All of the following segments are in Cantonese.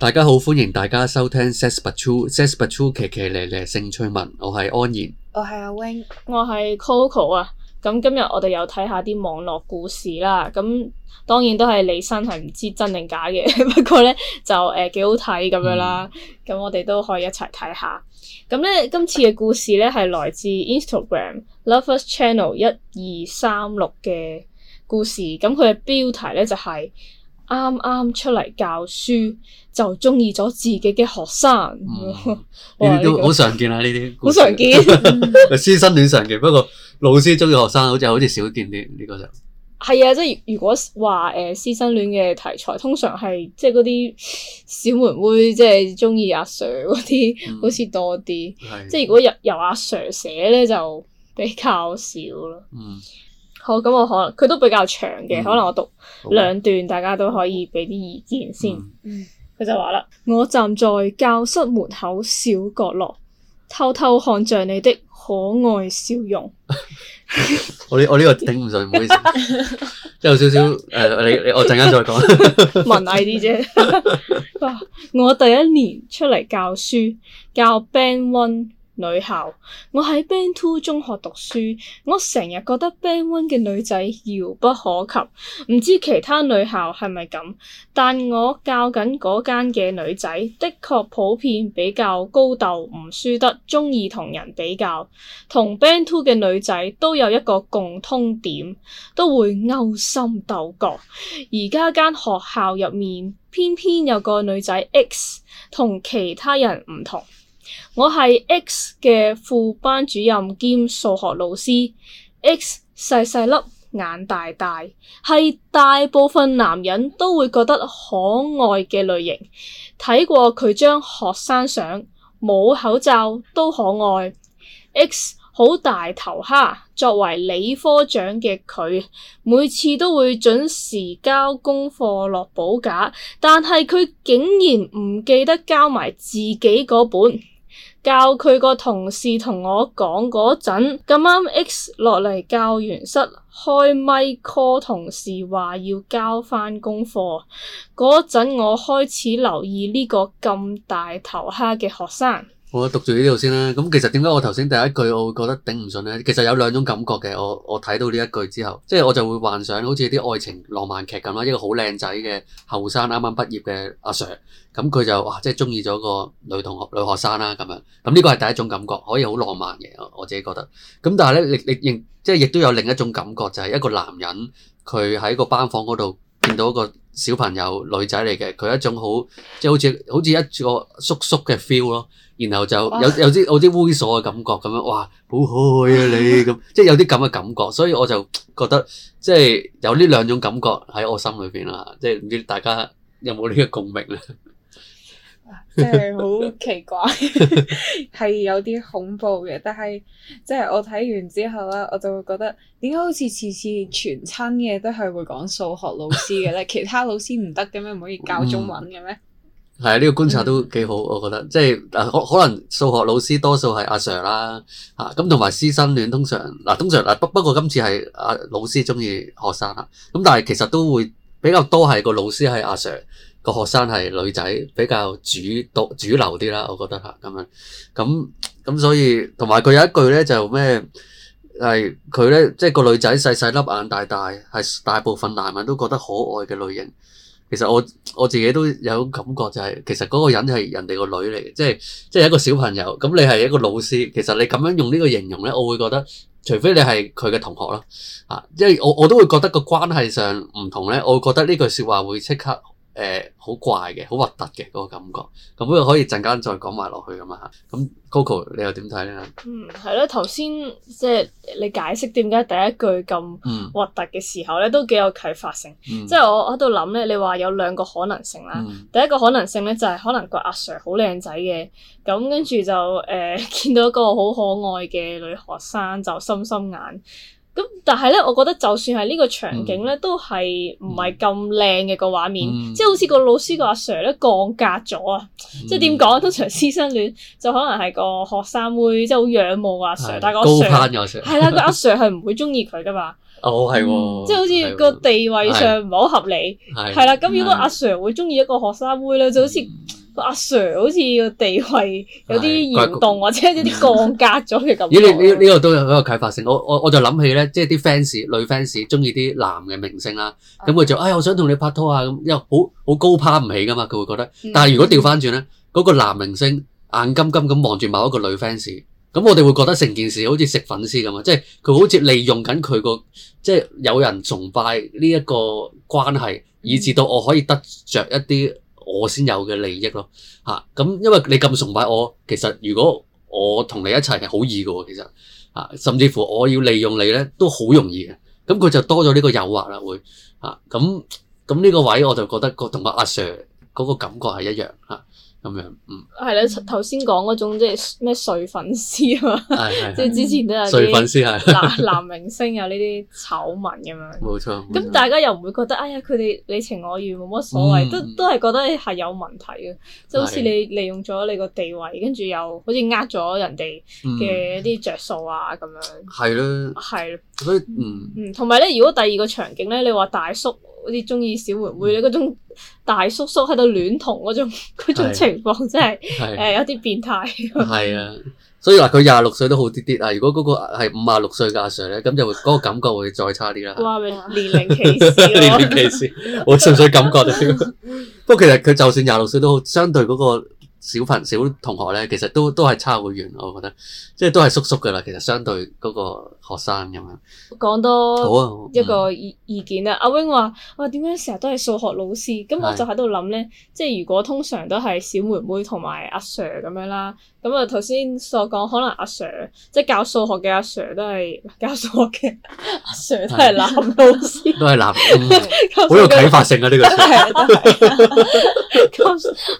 大家好，歡迎大家收聽 Says But True，Says But True，騎騎咧咧性趣文，我係安然，我係阿 wing，我係 Coco 啊。咁今日我哋又睇下啲網絡故事啦。咁當然都係你身係唔知真定假嘅， 不過咧就誒幾、呃、好睇咁樣啦。咁、嗯、我哋都可以一齊睇下。咁咧今次嘅故事咧係來自 Instagram Lovers Channel 一二三六嘅故事。咁佢嘅標題咧就係、是。啱啱出嚟教書就中意咗自己嘅學生，嗯、 哇都好常見啦、啊。呢啲好常見，師 生戀常見。不過老師中意學生，好似好似少見啲，呢個就係啊。即係如果話誒師生戀嘅題材，通常係即係嗰啲小妹妹即係中意阿 Sir 嗰啲，嗯、好似多啲。的即係如果由由阿 Sir 寫咧，就比較少咯。嗯。好，咁我可能佢都比較長嘅，嗯、可能我讀兩段，的大家都可以畀啲意見先。佢、嗯、就話啦：我站在教室門口小角落，偷偷看着你的可愛笑容。 我呢、呃，我呢個頂唔順，唔好意思，有少少誒，你你我陣間再講，文藝啲啫。 我第一年出嚟教書，教 Band One。女校，我喺 Band Two 中學讀書，我成日覺得 Band One 嘅女仔遙不可及，唔知其他女校係咪咁？但我教緊嗰間嘅女仔的確普遍比較高竇，唔輸得，鍾意同人比較。同 Band Two 嘅女仔都有一個共通點，都會勾心鬥角。而家間學校入面偏偏有個女仔 X 同其他人唔同。我係 X 嘅副班主任兼數學老師。X 細細粒，眼大大，係大部分男人都會覺得可愛嘅類型。睇過佢張學生相，冇口罩都可愛。X 好大頭蝦，作為理科長嘅佢，每次都會準時交功課落補假，但係佢竟然唔記得交埋自己嗰本。教佢個同事同我講嗰陣，咁啱 X 落嚟教員室，開咪 call 同事話要交翻功課嗰陣，我開始留意呢個咁大頭蝦嘅學生。我讀住呢度先啦。咁其實點解我頭先第一句我會覺得頂唔順咧？其實有兩種感覺嘅。我我睇到呢一句之後，即係我就會幻想好似啲愛情浪漫劇咁啦，一個好靚仔嘅後生，啱啱畢業嘅阿 sir，咁佢就哇即係中意咗個女同學女學生啦，啊。咁樣咁呢個係第一種感覺，可以好浪漫嘅。我自己覺得。咁但係咧，你你認即係亦都有另一種感覺，就係一個男人佢喺個班房嗰度。見到一個小朋友女仔嚟嘅，佢一種好即係好似好似一個叔叔嘅 feel 咯，然後就有哇有啲有啲猥瑣嘅感覺咁樣，哇，好可愛啊你，咁，即係有啲咁嘅感覺，所以我就覺得即係有呢兩種感覺喺我心裏邊啦，即係唔知大家有冇呢個共鳴咧？即係好奇怪，係 有啲恐怖嘅。但係即係我睇完之後咧，我就會覺得，點解好似次次全親嘅都係會講數學老師嘅咧？ 其他老師唔得嘅咩？唔可以教中文嘅咩？係啊、嗯，呢、這個觀察都幾好，嗯、我覺得。即係可、啊、可能數學老師多數係阿 Sir 啦，吓咁同埋師生戀通常，嗱、啊、通常嗱不不過今次係阿老師中意學生啦。咁、啊、但係其實都會比較多係個老師係阿 Sir。個學生係女仔，比較主多主流啲啦。我覺得吓咁樣咁咁，所以同埋佢有一句咧，就咩係佢咧，即係個女仔細細粒眼大大，係大部分男人都覺得可愛嘅類型。其實我我自己都有感覺，就係其實嗰個人係人哋個女嚟，即係即係一個小朋友。咁你係一個老師，其實你咁樣用呢個形容咧，我會覺得除非你係佢嘅同學啦，啊，即係我我都會覺得個關係上唔同咧，我會覺得呢句說話會即刻。誒好、呃、怪嘅，好核突嘅嗰個感覺，咁不過可以陣間再講埋落去咁嘛。嚇。咁 Coco 你又點睇咧？嗯，係咯，頭先即係你解釋點解第一句咁核突嘅時候咧，嗯、都幾有啟發性。嗯、即係我喺度諗咧，你話有兩個可能性啦。嗯、第一個可能性咧就係、是、可能個阿 sir 好靚仔嘅，咁跟住就誒、呃、見到一個好可愛嘅女學生就心心眼。咁但係咧，我覺得就算係呢個場景咧，嗯、都係唔係咁靚嘅個畫面，嗯、即係好似個老師個阿 Sir 咧降格咗啊！嗯、即係點講？通常師生戀就可能係個學生妹即係好仰慕阿 Sir，是但係個高攀阿 Sir 係啦，個阿 Sir 係唔會中意佢噶嘛。哦，係、嗯，即係好似個地位上唔係好合理，係啦。咁的如果阿 Sir 會中意一個學生妹咧，就好似。嗯阿、啊、sir 好似個地位有啲嚴重，的或者有啲降格咗嘅感覺。咦？ 呢呢呢個都有好有啟發性。我我我就諗起咧，即係啲 fans 女 fans 中意啲男嘅明星啦，咁佢、啊、就哎我想同你拍拖啊咁，因為好好高攀唔起噶嘛，佢會覺得。但係如果調翻轉咧，嗰、那個男明星眼金金咁望住某一個女 fans，咁我哋會覺得成件事好似食粉絲咁啊，即係佢好似利用緊佢個即係有人崇拜呢一個關係，以至到我可以得着一啲。我先有嘅利益咯，嚇、啊、咁、嗯，因為你咁崇拜我，其實如果我同你一齊係好易嘅喎，其實嚇、啊，甚至乎我要利用你咧都好容易嘅，咁佢就多咗呢個誘惑啦，會嚇，咁咁呢個位我就覺得個同我阿 Sir 嗰個感覺係一樣嚇。啊。咁樣，嗯，係啦，頭先講嗰種即係咩？碎粉絲啊，即係、哎、呀 之前都有啲粉絲 男男明星有呢啲醜聞咁樣。冇錯。咁大家又唔會覺得？哎呀，佢哋你情我願冇乜所謂、嗯，都都係覺得係有問題嘅，即係好似你利用咗你個地位，跟住又好似呃咗人哋嘅一啲着數啊咁樣。係啦。係。所以，嗯嗯，同埋咧，的嗯嗯、如果第二個場景咧，你話大叔。好似中意小妹妹嗰種大叔叔喺度戀童嗰種，嗯、 種情況真，真係誒有啲變態。係啊，所以話佢廿六歲都好啲啲啊。如果嗰個係五十六歲嘅阿 Sir 咧，咁就嗰、嗰個感覺會再差啲啦。話明年齡歧視，啊， 年齡歧視， 我純粹感覺啫。不過 其實佢就算廿六歲都好，相對嗰個小朋小同學咧，其實都都係差好遠。我覺得即係都係叔叔嘅啦。其實相對嗰、嗰個。學生咁樣講多一個意意見啦。阿 wing 話哇，點解成日都係數學老師？咁我就喺度諗咧，即係如果通常都係小妹妹同埋阿 Sir 咁樣啦。咁啊頭先所講可能阿 Sir 即係教數學嘅阿 Sir 都係教數學嘅阿 Sir 都係男老師，都係男，好有啟發性啊！呢個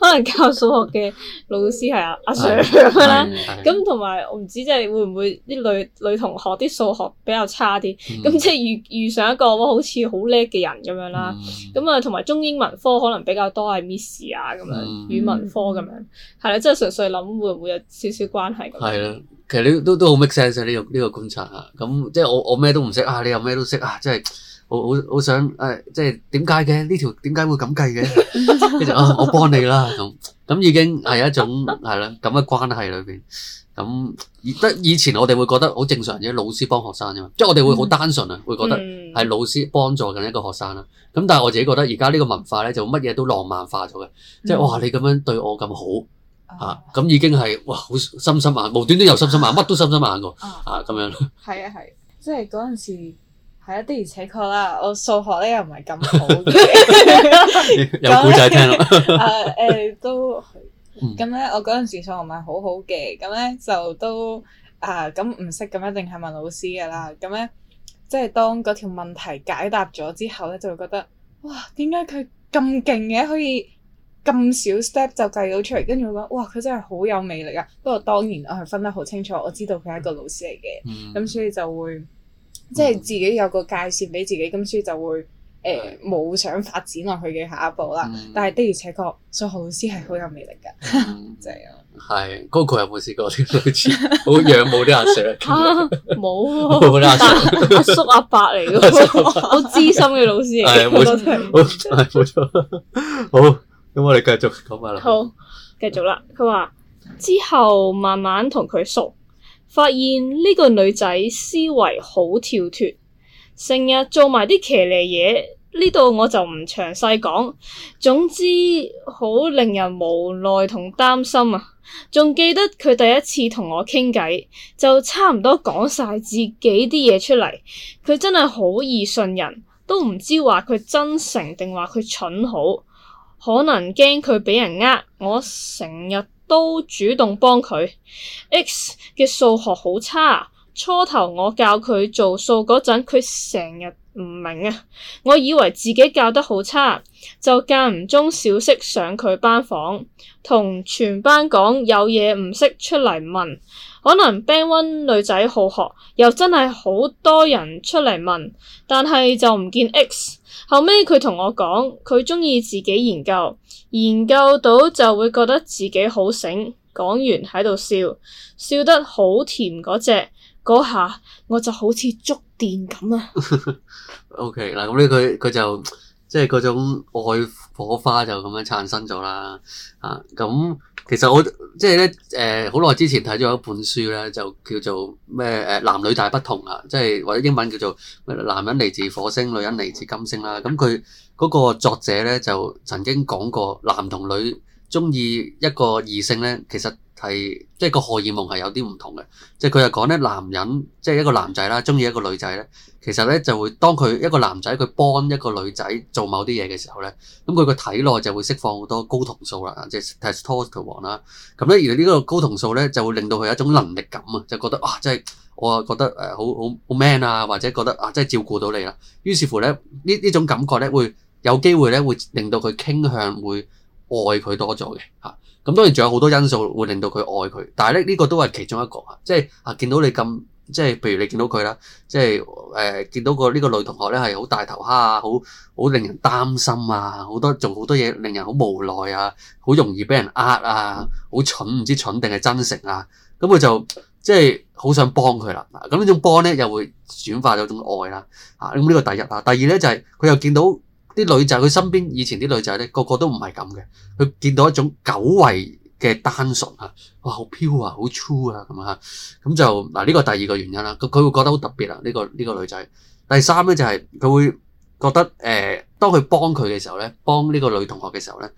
可能教數學嘅老師係阿阿 Sir 咁啦。咁同埋我唔知即係會唔會啲女女同學啲。數學比較差啲，咁即係遇遇上一個好似好叻嘅人咁樣啦，咁啊同埋中英文科可能比較多係 miss 啊咁樣，嗯、語文科咁樣，係啦，即係純粹諗會唔會有少少關係咁樣？係啦，其實你都都好 make sense 呢個呢個觀察啊。咁即係我我咩都唔識啊，你又咩都識啊，即係我好我想誒，即係點解嘅呢條點解會咁計嘅？跟住 我幫你啦咁，咁已經係一種係啦咁嘅關係裏邊。咁而得以前我哋會覺得好正常啫，老師幫學生啫嘛，即係我哋會好單純啊，會覺得係老師幫助緊一個學生啦。咁但係我自己覺得而家呢個文化咧，就乜嘢都浪漫化咗嘅，即係哇，你咁樣對我咁好啊，咁已經係哇，好深深眼，無端端又深深眼，乜都深深眼過啊，咁樣。係啊係，即係嗰陣時係啊，的而且確啦，我數學咧又唔係咁好嘅，有古仔聽啦。誒，都咁咧，嗯、那我嗰陣時數學咪好好嘅，咁咧就都啊，咁唔識，咁一定係問老師噶啦，咁咧即係當嗰條問題解答咗之後咧，就會覺得哇，點解佢咁勁嘅，可以咁少 step 就計到出嚟，跟住會覺得：哇「哇佢真係好有魅力啊！不過當然我係分得好清楚，我知道佢係一個老師嚟嘅，咁所以就會即係自己有個界線俾自己，咁所以就會。就是誒，冇、呃、想發展落去嘅下一步啦，嗯、但係的而且確，數學老師係好有魅力㗎，正啊！係嗰個有冇試過啲老好仰慕啲阿 Sir？冇，冇阿 Sir 阿叔阿伯嚟嘅，好知心嘅老師嚟嘅，好，係冇錯，好，咁我哋繼續講埋啦。好，繼續啦。佢話之後慢慢同佢熟，發現呢個女仔思維好跳脱。成日做埋啲騎呢嘢，呢度我就唔詳細講。總之好令人無奈同擔心啊！仲記得佢第一次同我傾偈，就差唔多講晒自己啲嘢出嚟。佢真係好易信人，都唔知話佢真誠定話佢蠢好。可能驚佢畀人呃，我成日都主動幫佢。X 嘅數學好差。初頭我教佢做數嗰陣，佢成日唔明啊。我以為自己教得好差，就間唔中小息上佢班房，同全班講有嘢唔識出嚟問。可能 Band One 女仔好學，又真係好多人出嚟問，但係就唔見 X。後尾佢同我講，佢鍾意自己研究，研究到就會覺得自己好醒。講完喺度笑，笑得好甜嗰隻。嗰下我就好似觸電咁啊 ！OK 嗱，咁呢，佢佢就即係嗰種愛火花就咁樣產生咗啦啊！咁其實我即係咧誒好耐之前睇咗一本書咧，就叫做咩誒男女大不同啊，即係或者英文叫做男人嚟自火星，女人嚟自金星啦。咁佢嗰個作者咧就曾經講過，男同女鍾意一個異性咧，其實。係即係個荷爾蒙係有啲唔同嘅，即係佢係講咧，男人即係一個男仔啦，中意一個女仔咧，其實咧就會當佢一個男仔佢幫一個女仔做某啲嘢嘅時候咧，咁佢個體內就會釋放好多睾酮素啦，即係 testosterone 啦。咁咧，而呢個睾酮素咧就會令到佢有一種能力感啊，就覺得啊，即係我覺得誒好好好 man 啊，或者覺得啊，真係照顧到你啦。於是乎咧，呢呢種感覺咧會有機會咧會令到佢傾向會愛佢多咗嘅嚇。啊。咁當然仲有好多因素會令到佢愛佢，但係咧呢個都係其中一個啊！即係啊，見到你咁，即係譬如你見到佢啦，即係誒見到個呢個女同學咧係好大頭蝦啊，好好令人擔心啊，好多仲好多嘢令人好無奈啊，好容易俾人呃啊，好蠢唔知蠢定係真誠啊，咁佢就即係好想幫佢啦。咁呢種幫咧又會轉化咗一種愛啦。啊咁呢個第一啊，第二咧就係佢又見到。啲女仔佢身邊以前啲女仔咧，個個都唔係咁嘅。佢見到一種久違嘅單純嚇，哇！好飄啊，好 true 啊咁嚇，咁就嗱呢個第二個原因啦。咁佢會覺得好特別啊呢、呢個呢、呢個女仔。第三咧就係、是、佢會覺得誒、呃，當佢幫佢嘅時候咧，幫呢個女同學嘅時候咧，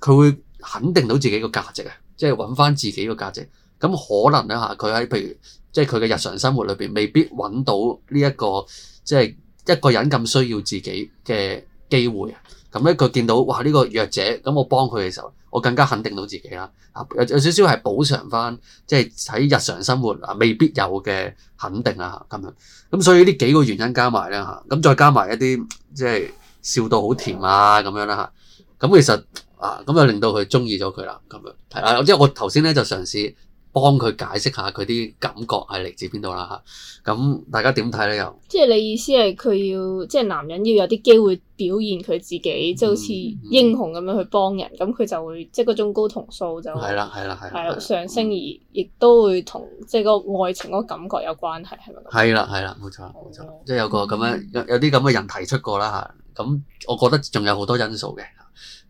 佢會肯定到自己個價值啊，即係揾翻自己個價值。咁可能咧嚇，佢喺譬如即係佢嘅日常生活裏邊未必揾到呢、呢、一個即係一個人咁需要自己嘅機會啊，咁咧佢見到哇呢、呢個弱者，咁我幫佢嘅時候，我更加肯定到自己啦。啊，有有，有少少係補償翻，即係喺日常生活啊未必有嘅肯定啊咁樣。咁所以呢幾個原因加埋咧嚇，咁、啊、再加埋一啲即係笑到好甜啊咁樣啦嚇。咁其實啊，咁就令到佢中意咗佢啦咁樣。啊，即係、啊、我頭先咧就嘗試。幫佢解釋下佢啲感覺係嚟自邊度啦嚇，咁大家點睇咧？又即係你意思係佢要即係男人要有啲機會表現佢自己，即係、嗯、好似英雄咁樣去幫人，咁佢、嗯、就會即係嗰種睾酮素就係啦係啦係啦上升而亦、嗯、都會同即係個愛情嗰感覺有關係係咪？係啦係啦冇錯冇錯，即係有個咁樣有有啲咁嘅人提出過啦嚇，咁我覺得仲有好多因素嘅，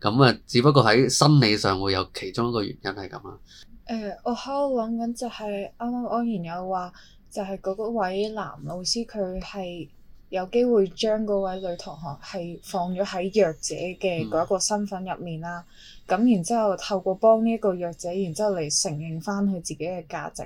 咁啊只不過喺心理上會有其中一個原因係咁啦。誒、呃，我喺度諗緊就係，啱啱安然有話，就係、是、嗰位男老師佢係有機會將嗰位女同學係放咗喺弱者嘅嗰一個身份入面啦，咁、嗯、然之後透過幫呢一個弱者，然之後嚟承認翻佢自己嘅價值，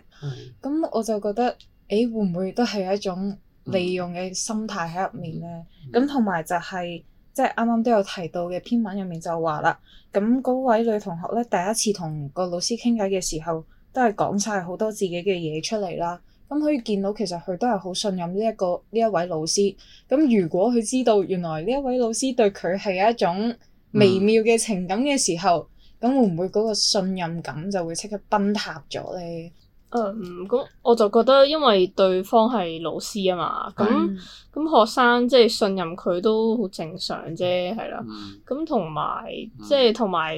咁是我就覺得，誒會唔會都係一種利用嘅心態喺入面咧？咁同埋就係、是。即係啱啱都有提到嘅篇文入面就話啦，咁嗰位女同學咧第一次同個老師傾偈嘅時候，都係講晒好多自己嘅嘢出嚟啦。咁可以見到其實佢都係好信任呢、這、一個呢一位老師。咁如果佢知道原來呢一位老師對佢係一種微妙嘅情感嘅時候，咁、嗯、會唔會嗰個信任感就會即刻崩塌咗咧？嗯，咁、um, 我就覺得，因為對方係老師啊嘛，咁咁的學生即係、就是、信任佢都好正常啫，係啦。咁同埋即係同埋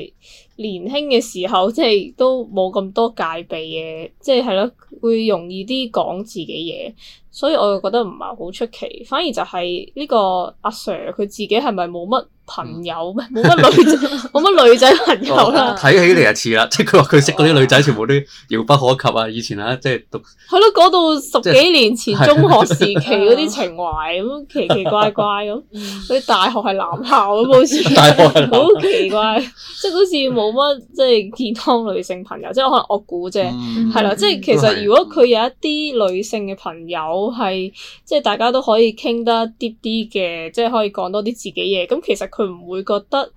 年輕嘅時候，即、就、係、是、都冇咁多戒備嘅，即係係咯，會容易啲講自己嘢。所以我又覺得唔係好出奇，反而就係呢個阿 Sir 佢自己係咪冇乜朋友冇乜女仔，冇乜女仔朋友啦。睇起嚟又似啦，即係佢話佢識嗰啲女仔全部都遙不可及啊！以前啊，即係都係咯，講到十幾年前中學時期嗰啲情懷咁，奇奇怪怪咁。佢大學係男校咁好似，好奇怪，即係好似冇乜即係健康女性朋友。即係可能我估啫，係啦。即係其實如果佢有一啲女性嘅朋友。都係即係大家都可以傾得啲啲嘅，即係可以講多啲自己嘢。咁其實佢唔會覺得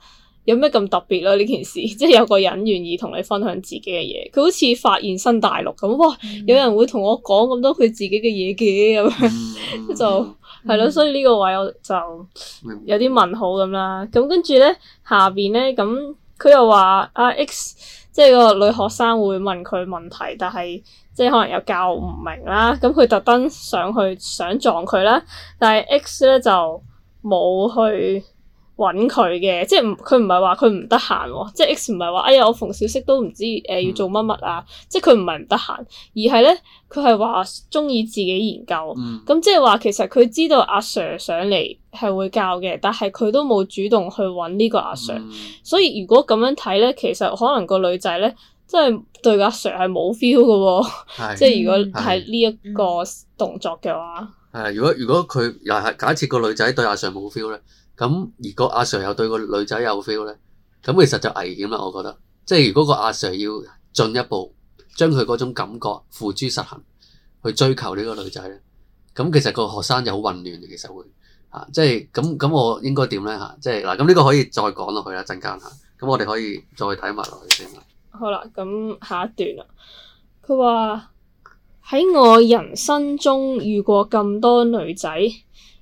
有咩咁特別咯，呢件事，即係有個人願意同你分享自己嘅嘢。佢好似發現新大陸咁，哇！嗯、有人會同我講咁多佢自己嘅嘢嘅咁樣，嗯、 就係咯。所以呢個位我就有啲問號咁啦。咁跟住咧下邊咧，咁佢又話阿、啊、X 即係個女學生會問佢問題，但係。即係可能又教唔明啦，咁佢特登上去想撞佢啦，但係 X 咧就冇去揾佢嘅，即係佢唔係話佢唔得閒喎，即係 X 唔係話哎呀我逢小息都唔知誒、呃、要做乜乜啊，即係佢唔係唔得閒，而係咧佢係話中意自己研究，咁、嗯、即係話其實佢知道阿 Sir 上嚟係會教嘅，但係佢都冇主動去揾呢個阿 Sir，、嗯、所以如果咁樣睇咧，其實可能個女仔咧。哦、的即係對阿 Sir 係冇 feel 嘅喎，即係如果係呢一個動作嘅話，係如果如果佢又係假設個女仔對阿 Sir 冇 feel 咧，咁如果阿 Sir 又對個女仔有 feel 咧，咁其實就危險啦，我覺得。即係如果個阿 Sir 要進一步將佢嗰種感覺付諸實行，去追求呢個女仔咧，咁其實個學生就好混亂，其實會嚇、啊、即係咁咁，我應該點咧嚇？即係嗱，咁、啊、呢個可以再講落去啦，陣間吓。咁、啊、我哋可以再睇埋落去先。好啦，咁下一段啦。佢話喺我人生中遇過咁多女仔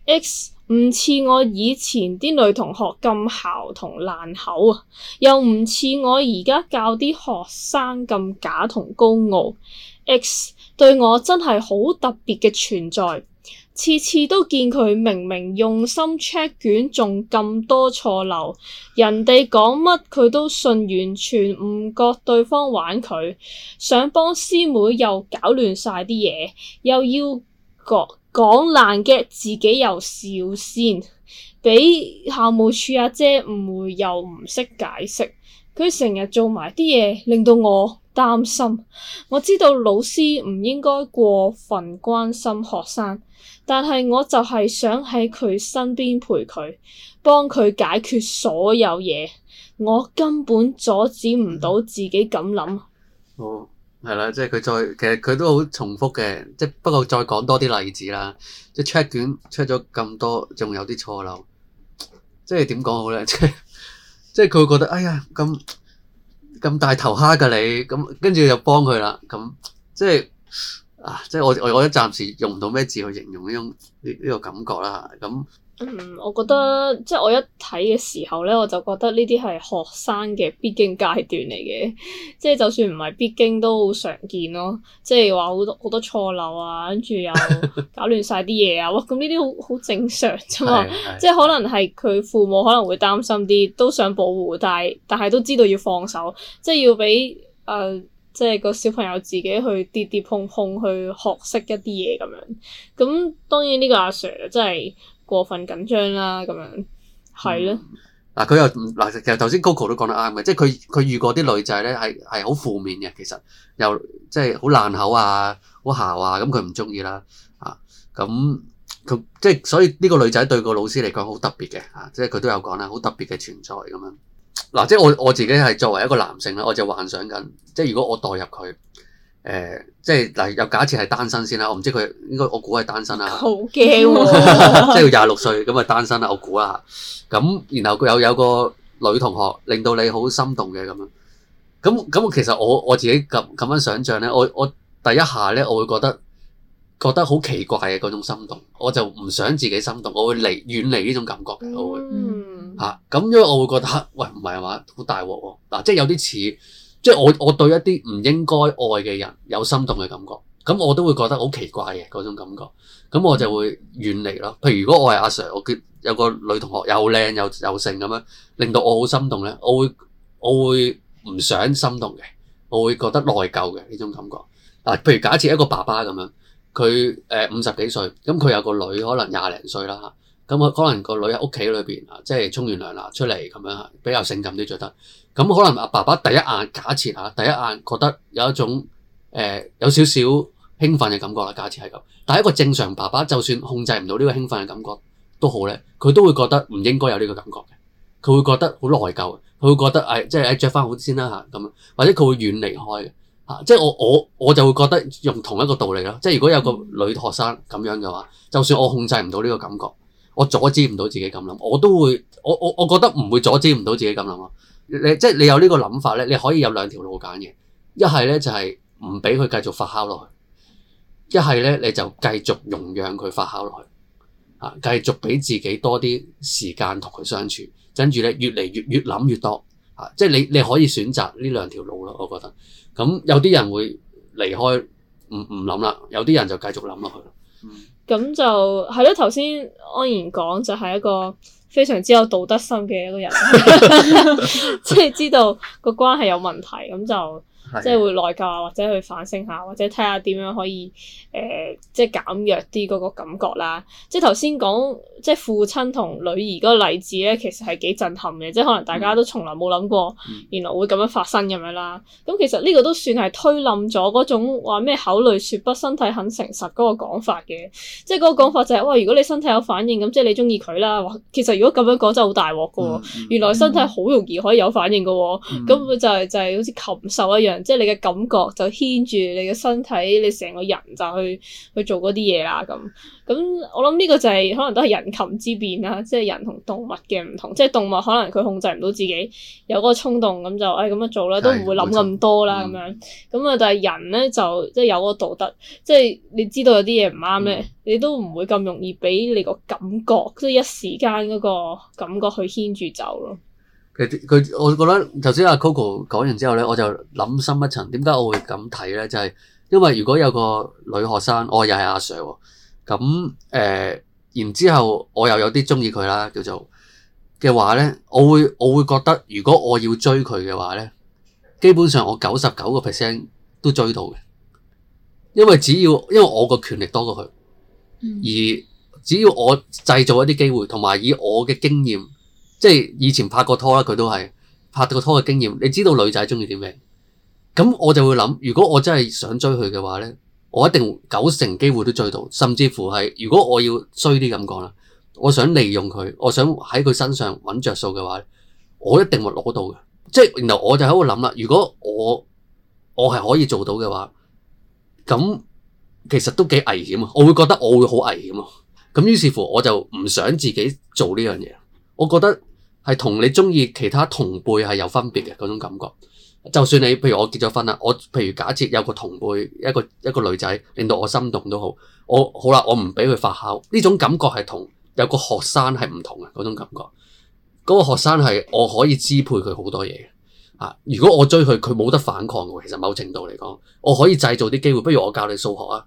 ，X 唔似我以前啲女同學咁姣同爛口啊，又唔似我而家教啲學生咁假同高傲。X 對我真係好特別嘅存在。次次都見佢明明用心 check 卷，仲咁多錯漏。人哋講乜佢都信，完全唔覺對方玩佢。想幫師妹又搞亂晒啲嘢，又要講講爛嘅自己又笑先，畀校務處阿姐誤會又唔識解釋。佢成日做埋啲嘢，令到我擔心。我知道老師唔應該過分關心學生。但係我就係想喺佢身邊陪佢，幫佢解決所有嘢，我根本阻止唔到自己咁諗、嗯。哦，係啦，即係佢再，其實佢都好重複嘅，即係不過再講多啲例子啦，即係 check 卷 check 咗咁多，仲有啲錯漏，即係點講好咧？即係即係佢會覺得，哎呀，咁咁大頭蝦㗎你，咁跟住又幫佢啦，咁即係。啊！即係我我我一暫時用唔到咩字去形容呢種呢呢個感覺啦。咁嗯，我覺得即係我一睇嘅時候咧，我就覺得呢啲係學生嘅必經階段嚟嘅。即係就算唔係必經都好常見咯。即係話好多好多錯漏啊，跟住又搞亂晒啲嘢啊。 哇！咁呢啲好好正常啫嘛。 即係可能係佢父母可能會擔心啲，都想保護，但係但係都知道要放手，即係要俾誒。呃即係個小朋友自己去跌跌碰碰去學識一啲嘢咁樣，咁當然呢個阿 Sir 真係過分緊張啦咁樣，係咯。嗱佢、嗯、又嗱其實頭先 Coco 都講得啱嘅，即係佢佢遇過啲女仔咧係係好負面嘅，其實，剛剛即其實又即係好爛口啊，好姣啊，咁佢唔中意啦啊咁佢、嗯、即係所以呢個女仔對個老師嚟講好特別嘅啊，即係佢都有講啦，好特別嘅存在咁樣。嗱、啊，即係我我自己係作為一個男性咧，我就幻想緊，即係如果我代入佢，誒、呃，即係嗱，又假設係單身先啦，我唔知佢應該，我估係單身啦，好驚、哦， 即係廿六歲咁啊單身啦，我估啦，咁然後佢有有個女同學令到你好心動嘅咁樣，咁咁其實我我自己咁咁樣想象咧，我我第一下咧我會覺得。覺得好奇怪嘅嗰種心動，我就唔想自己心動，我會離遠離呢種感覺嘅，我會嚇咁、嗯啊，因為我會覺得喂唔係嘛，好大鑊喎嗱，即係有啲似即係我我對一啲唔應該愛嘅人有心動嘅感覺，咁、啊、我都會覺得好奇怪嘅嗰種感覺，咁、啊嗯、我就會遠離咯。譬如如果我係阿 Sir，我見有個女同學又靚又又，又性咁樣令到我好心動咧、啊，我會我會唔想心動嘅，我會覺得內疚嘅呢種感覺嗱、啊。譬如假設一個爸爸咁樣。佢誒五十幾歲，咁佢有個女可能廿零歲啦嚇，咁佢可能個女喺屋企裏邊啊，即係沖完涼啦出嚟咁樣，比較性感啲著得，咁可能阿爸爸第一眼假設嚇，第一眼覺得有一種誒、呃、有少少興奮嘅感覺啦，假設係咁，但係一個正常爸爸就算控制唔到呢個興奮嘅感覺都好咧，佢都會覺得唔應該有呢個感覺嘅，佢會覺得好內疚，佢會覺得誒、哎、即係誒着翻好先啦嚇咁，或者佢會遠離開嘅。啊！即係我我我就會覺得用同一個道理咯。即係如果有個女學生咁樣嘅話，就算我控制唔到呢個感覺，我阻止唔到自己咁諗，我都會我我我覺得唔會阻止唔到自己咁諗咯。你即係你有個呢個諗法咧，你可以有兩條路揀嘅。一係咧就係唔俾佢繼續發酵落去；一係咧你就繼續容讓佢發酵落去。啊！繼續俾自己多啲時間同佢相處，跟住咧越嚟越越諗越多。即係你你可以選擇呢兩條路咯，我覺得。咁有啲人會離開，唔唔諗啦；有啲人就繼續諗落去。嗯。咁就係咯，頭先安然講就係一個非常之有道德心嘅一個人，即係 知道個關係有問題，咁就。即係會內疚啊，或者去反省下，或者睇下點樣可以誒、呃，即係減弱啲嗰個感覺啦。即係頭先講即係父親同女兒嗰個例子咧，其實係幾震撼嘅。即係可能大家都從來冇諗過，原來會咁樣發生咁樣啦。咁、嗯、其實呢個都算係推冧咗嗰種話咩口裡說不，身體很誠實嗰個講法嘅。即係嗰個講法就係、是、哇、哎，如果你身體有反應，咁即係你中意佢啦。其實如果咁樣講真係好大鑊㗎喎，原來身體好容易可以有反應㗎喎。咁、嗯嗯、就係就係好似禽獸一樣。即係你嘅感覺就牽住你嘅身體，你成個人就去去做嗰啲嘢啦咁。咁我諗呢個就係、是、可能都係人禽之別啦，即係人同動物嘅唔同。即係動物可能佢控制唔到自己有嗰個衝動，咁就誒咁、哎、樣做啦，都唔會諗咁多啦咁樣。咁啊，吧嗯、但係人咧就即係有個道德，即係你知道有啲嘢唔啱咧，嗯、你都唔會咁容易俾你個感覺，即係、嗯、一時間嗰個感覺去牽住走咯。佢我覺得頭先阿 Coco 講完之後呢，我就諗深一層，點解我會咁睇呢？就係因為如果有個女學生，我、哦、又係阿 Sir 喎、哦，咁誒、呃，然之後我又有啲中意佢啦，叫做嘅話呢，我會我會覺得，如果我要追佢嘅話呢，基本上我九十九個 percent 都追到嘅，因為只要因為我個權力多過佢，而只要我製造一啲機會，同埋以我嘅經驗。即係以前拍過拖啦，佢都係拍過拖嘅經驗，你知道女仔中意啲咩？咁我就會諗，如果我真係想追佢嘅話呢，我一定九成機會都追到，甚至乎係如果我要衰啲咁講啦，我想利用佢，我想喺佢身上揾着數嘅話，我一定會攞到嘅。即係然後我就喺度諗啦，如果我我係可以做到嘅話，咁其實都幾危險啊！我會覺得我會好危險啊。咁於是乎我就唔想自己做呢樣嘢，我覺得。係同你中意其他同輩係有分別嘅嗰種感覺，就算你譬如我結咗婚啦，我譬如假設有個同輩，一個一個女仔令到我心動都好，我好啦，我唔俾佢發酵。呢種感覺係同有個學生係唔同嘅，嗰種感覺，嗰個學生係我可以支配佢好多嘢嘅啊！如果我追佢，佢冇得反抗嘅。其實某程度嚟講，我可以製造啲機會，不如我教你數學啊，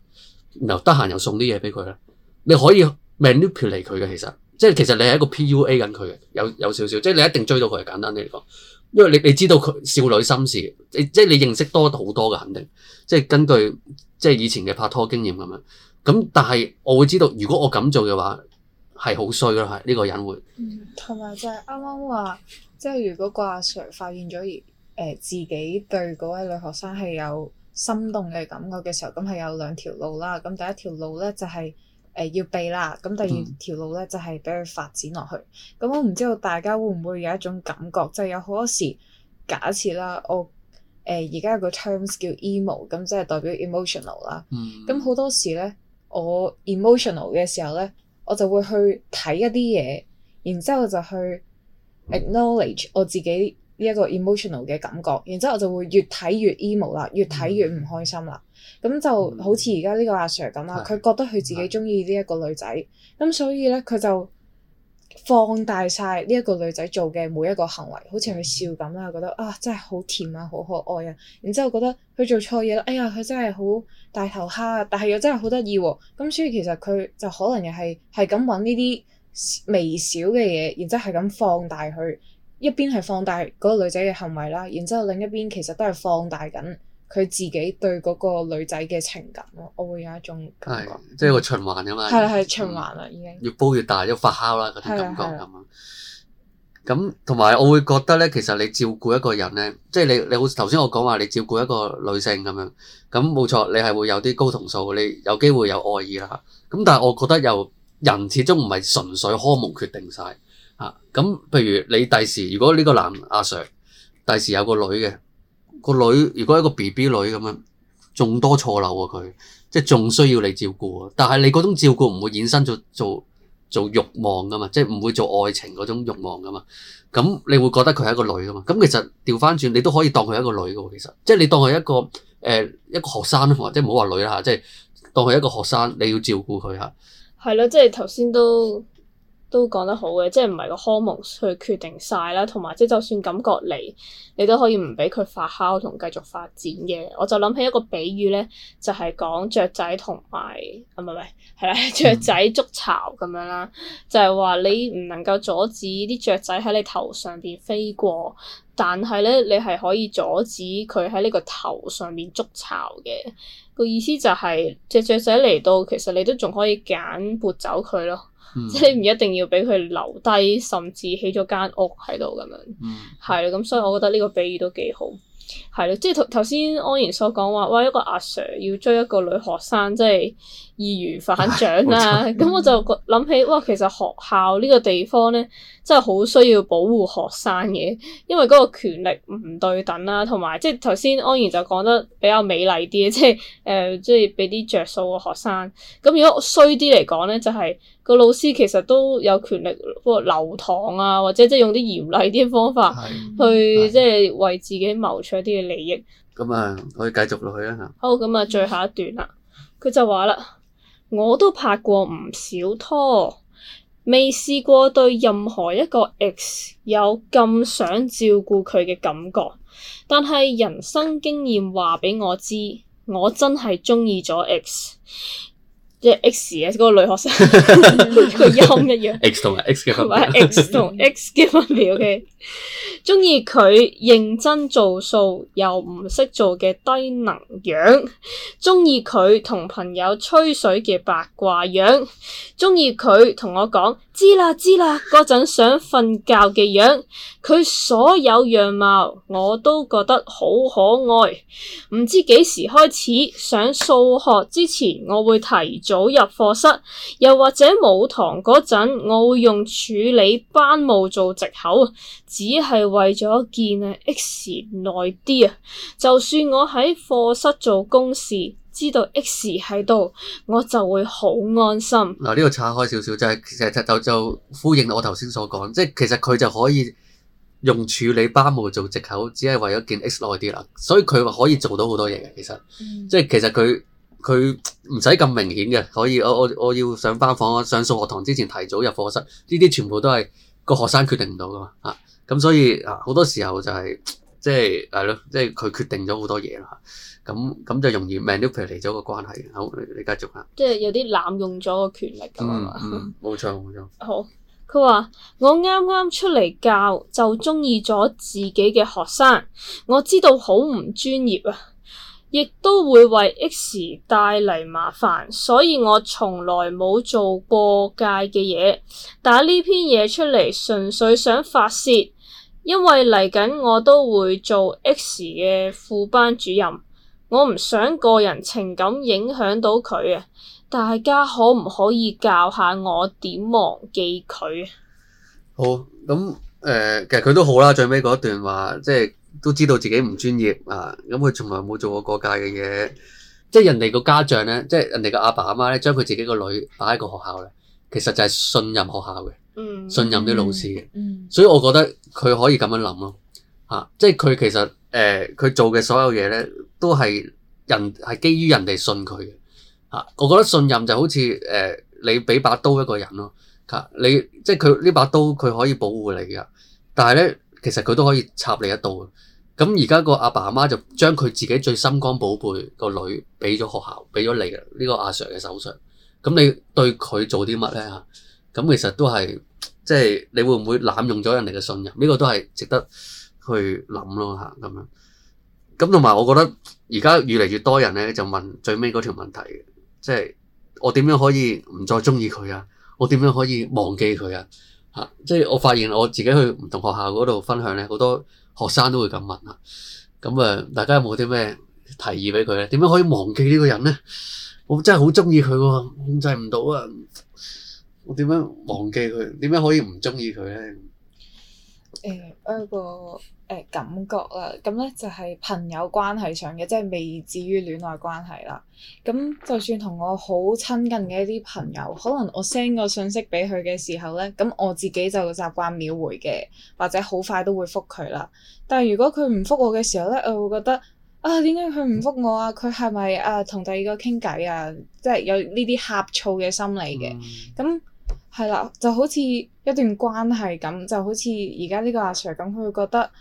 然後得閒又送啲嘢俾佢啦。你可以 manipulate 佢嘅，其實。即係其實你係一個 PUA 緊佢嘅，有有少少，即係你一定追到佢嘅簡單啲嚟講，因為你你知道佢少女心事，你即係你認識多好多嘅肯定，即係根據即係以前嘅拍拖經驗咁樣，咁但係我會知道如果我咁做嘅話係好衰咯，係呢、這個人會，同埋、嗯、就係啱啱話，即、就、係、是、如果個阿 Sir 發現咗而誒自己對嗰位女學生係有心動嘅感覺嘅時候，咁係有兩條路啦，咁第一條路咧就係、是。誒、呃、要避啦，咁第二條路咧就係俾佢發展落去。咁我唔知道大家會唔會有一種感覺，就係、是、有好多時假設啦、呃嗯，我誒而家有個 terms 叫 emo，咁即係代表 emotional 啦。咁好多時咧，我 emotional 嘅時候咧，我就會去睇一啲嘢，然之後就去 acknowledge 我自己。一個 emotional 嘅感覺，然之後我就會越睇越 emo 啦，越睇越唔開心啦。咁、嗯、就好似而家呢個阿 Sir 咁啦，佢、嗯、覺得佢自己中意呢一個女仔，咁、嗯、所以呢，佢就放大晒呢一個女仔做嘅每一個行為，好似佢笑咁啦，覺得啊真係好甜啊，好可愛啊。然之後覺得佢做錯嘢啦，哎呀佢真係好大頭蝦啊，但係又真係好得意。咁所以其實佢就可能又係係咁揾呢啲微小嘅嘢，然之後係咁放大佢。一邊係放大嗰個女仔嘅行為啦，然之後另一邊其實都係放大緊佢自己對嗰個女仔嘅情感咯。我會有一種感覺，即係、就是、個循環啊嘛。係啊係循環啦，已經越煲越大，要發酵啦嗰啲感覺咁。咁同埋我會覺得咧，其實你照顧一個人咧，即、就、係、是、你你好似頭先我講話你照顧一個女性咁樣，咁冇錯，你係會有啲睪酮素，你有機會有愛意啦。咁但係我覺得又人始終唔係純粹荷爾蒙決定晒。啊，咁譬如你第時，如果呢個男阿、啊、Sir 第時有個女嘅，個女如果一個 B B 女咁樣，仲多錯漏喎、啊、佢，即係仲需要你照顧啊。但係你嗰種照顧唔會衍生做做做欲望噶嘛，即係唔會做愛情嗰種欲望噶嘛。咁你會覺得佢係一個女噶嘛？咁其實調翻轉你都可以當佢係一個女噶，其實即係你當佢係一個誒、呃、一個學生啊，即係唔好話女啦吓，即係當佢係一個學生，你要照顧佢吓。係、啊、咯，即係頭先都都講得好嘅，即係唔係個科目去決定晒啦，同埋即係就算感覺嚟，你都可以唔俾佢發酵同繼續發展嘅。我就諗起一個比喻咧，就係講雀仔同埋唔係唔係，係啦，雀仔築巢咁樣啦，就係話你唔能夠阻止啲雀仔喺你頭上邊飛過，但係咧你係可以阻止佢喺呢個頭上邊築巢嘅。個意思就係隻雀仔嚟到，其實你都仲可以揀撥走佢咯。 即係唔一定要俾佢留低，甚至起咗間屋喺度咁樣，係啦。咁 所以我覺得呢個比喻都幾好，係咯。即係頭頭先安然所講話，哇一個阿 Sir 要追一個女學生，即係。易如反掌啦，啊，咁我就諗起哇，其實學校呢個地方咧，真係好需要保護學生嘅，因為嗰個權力唔對等啦，啊，同埋即係頭先安然就講得比較美麗啲，即係誒，即係俾啲着數嘅學生。咁如果衰啲嚟講咧，就係，是，個老師其實都有權力，不過留堂啊，或者即係用啲嚴厲啲嘅方法去即係為自己謀取一啲嘅利益。咁啊，可以繼續落去啦。好，哦，咁啊，最後一段啦，佢就話啦。我都拍過唔少拖，未試過對任何一個 X 有咁想照顧佢嘅感覺。但係人生經驗話俾我知，我真係中意咗 X，即係 X 嘅嗰，那個女學生，個音一樣。X 同 X 嘅合音，唔係 X 同 X 嘅合音 OK。鍾意佢認真做數又唔識做嘅低能樣，鍾意佢同朋友吹水嘅八卦樣，鍾意佢同我講知啦知啦嗰陣想瞓覺嘅樣，佢所有樣貌我都覺得好可愛。唔知幾時開始，上數學之前，我會提早入課室，又或者冇堂嗰陣，我會用處理班務做借口。只係為咗見啊 X 耐啲啊！就算我喺課室做公事，知道 X 喺度，我就會好安心。嗱，呢個岔開少少就係、是、其實就就、就、就呼應我頭先所講，即係其實佢就可以用處理班務做藉口，只係為咗見 X 耐啲啦。所以佢可以做到好多嘢嘅，其實、嗯、即係其實佢佢唔使咁明顯嘅，可以我我我要上班房上數學堂之前提早入課室，呢啲全部都係個學生決定唔到噶嘛嚇。啊。咁所以啊，好多時候就係即係係咯，即係佢決定咗好多嘢啦。咁咁就容易 manipulate 咗個關係。好，你繼續吓。即係有啲濫用咗個權力㗎嘛？冇錯冇錯。好，佢話我啱啱出嚟教就中意咗自己嘅學生，我知道好唔專業啊，亦都會為 X 帶嚟麻煩，所以我從來冇做過界嘅嘢。打呢篇嘢出嚟，純粹想發泄。因為嚟緊我都會做 X 嘅副班主任，我唔想個人情感影響到佢啊！大家可唔可以教下我點忘記佢？好，咁誒、呃，其實佢都好啦，最尾嗰段話，即係都知道自己唔專業啊！咁佢從來冇做過過界嘅嘢，即係人哋個家長咧，即係人哋個阿爸阿媽咧，將佢自己個女擺喺個學校咧，其實就係信任學校嘅。信任啲老師，嗯嗯、所以我覺得佢可以咁樣諗咯，吓、啊，即係佢其實誒，佢、呃、做嘅所有嘢咧，都係人係基於人哋信佢，吓、啊，我覺得信任就好似誒、呃，你俾把刀一個人咯，吓、啊，你即係佢呢把刀，佢可以保護你噶，但係咧，其實佢都可以插你一刀。咁而家個阿爸阿媽就將佢自己最心肝寶貝個女俾咗學校，俾咗你呢、這個阿 Sir 嘅手上，咁你對佢做啲乜咧吓？咁其實都係，即係你會唔會濫用咗人哋嘅信任？呢個都係值得去諗咯吓，咁樣。咁同埋，我覺得而家越嚟越多人咧就問最尾嗰條問題，即係我點樣可以唔再中意佢啊？我點樣可以忘記佢啊？吓、啊，即係我發現我自己去唔同學校嗰度分享咧，好多學生都會咁問啊。咁啊、呃，大家有冇啲咩提議俾佢咧？點樣可以忘記呢個人咧？我真係好中意佢，控制唔到啊！我點樣忘記佢？點樣可以唔中意佢呢？誒我有、呃、個誒、呃、感覺啦，咁呢就係朋友關係上嘅，即係未至於戀愛關係啦。咁就算同我好親近嘅一啲朋友，可能我 send 個信息俾佢嘅時候呢，咁我自己就習慣秒回嘅，或者好快都會覆佢啦。但係如果佢唔覆我嘅時候呢，我會覺得啊，點解佢唔覆我啊？佢係咪啊同第二個傾偈啊？即係有呢啲呷醋嘅心理嘅咁。嗯係啦，就好似一段關係咁，就好似而家呢個阿 Sir 咁，佢會覺得，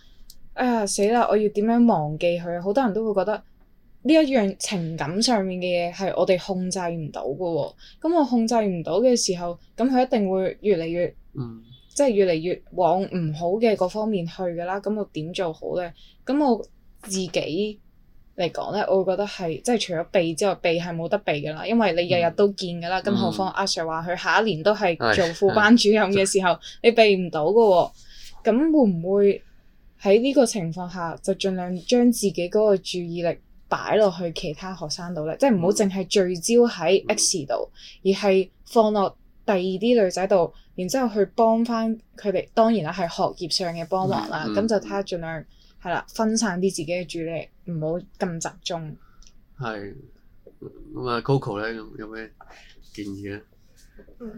哎呀死啦，我要點樣忘記佢？好多人都會覺得呢一樣情感上面嘅嘢係我哋控制唔到嘅喎。咁我控制唔到嘅時候，咁佢一定會越嚟越，嗯、即係、越嚟越往唔好嘅嗰方面去㗎啦。咁我點做好咧？咁我自己嚟講咧，我會覺得係即係除咗避之外，避係冇得避噶啦，因為你日日都見噶啦。咁何況阿 Sir 話佢下一年都係做副班主任嘅時候，哎、呀你避唔到噶喎。咁會唔會喺呢個情況下就盡量將自己嗰個注意力擺落去其他學生度咧？嗯、即係唔好淨係聚焦喺 X 度，嗯、而係放落第二啲女仔度，然之後去幫翻佢哋。當然啦，係學業上嘅幫忙啦。咁、嗯嗯、就睇下盡量。係啦，分散啲自己嘅注意力，唔好咁集中。係，咁啊 Coco 咧，有咩建議咧？嗯，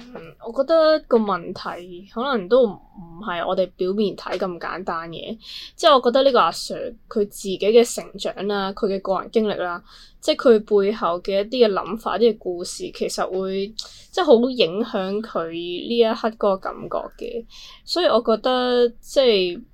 我覺得個問題可能都唔係我哋表面睇咁簡單嘅，即係我覺得呢個阿 Sir 佢自己嘅成長啦，佢嘅個人經歷啦，即係佢背後嘅一啲嘅諗法、啲嘅故事，其實會即係好影響佢呢一刻嗰個感覺嘅。所以我覺得即係。就是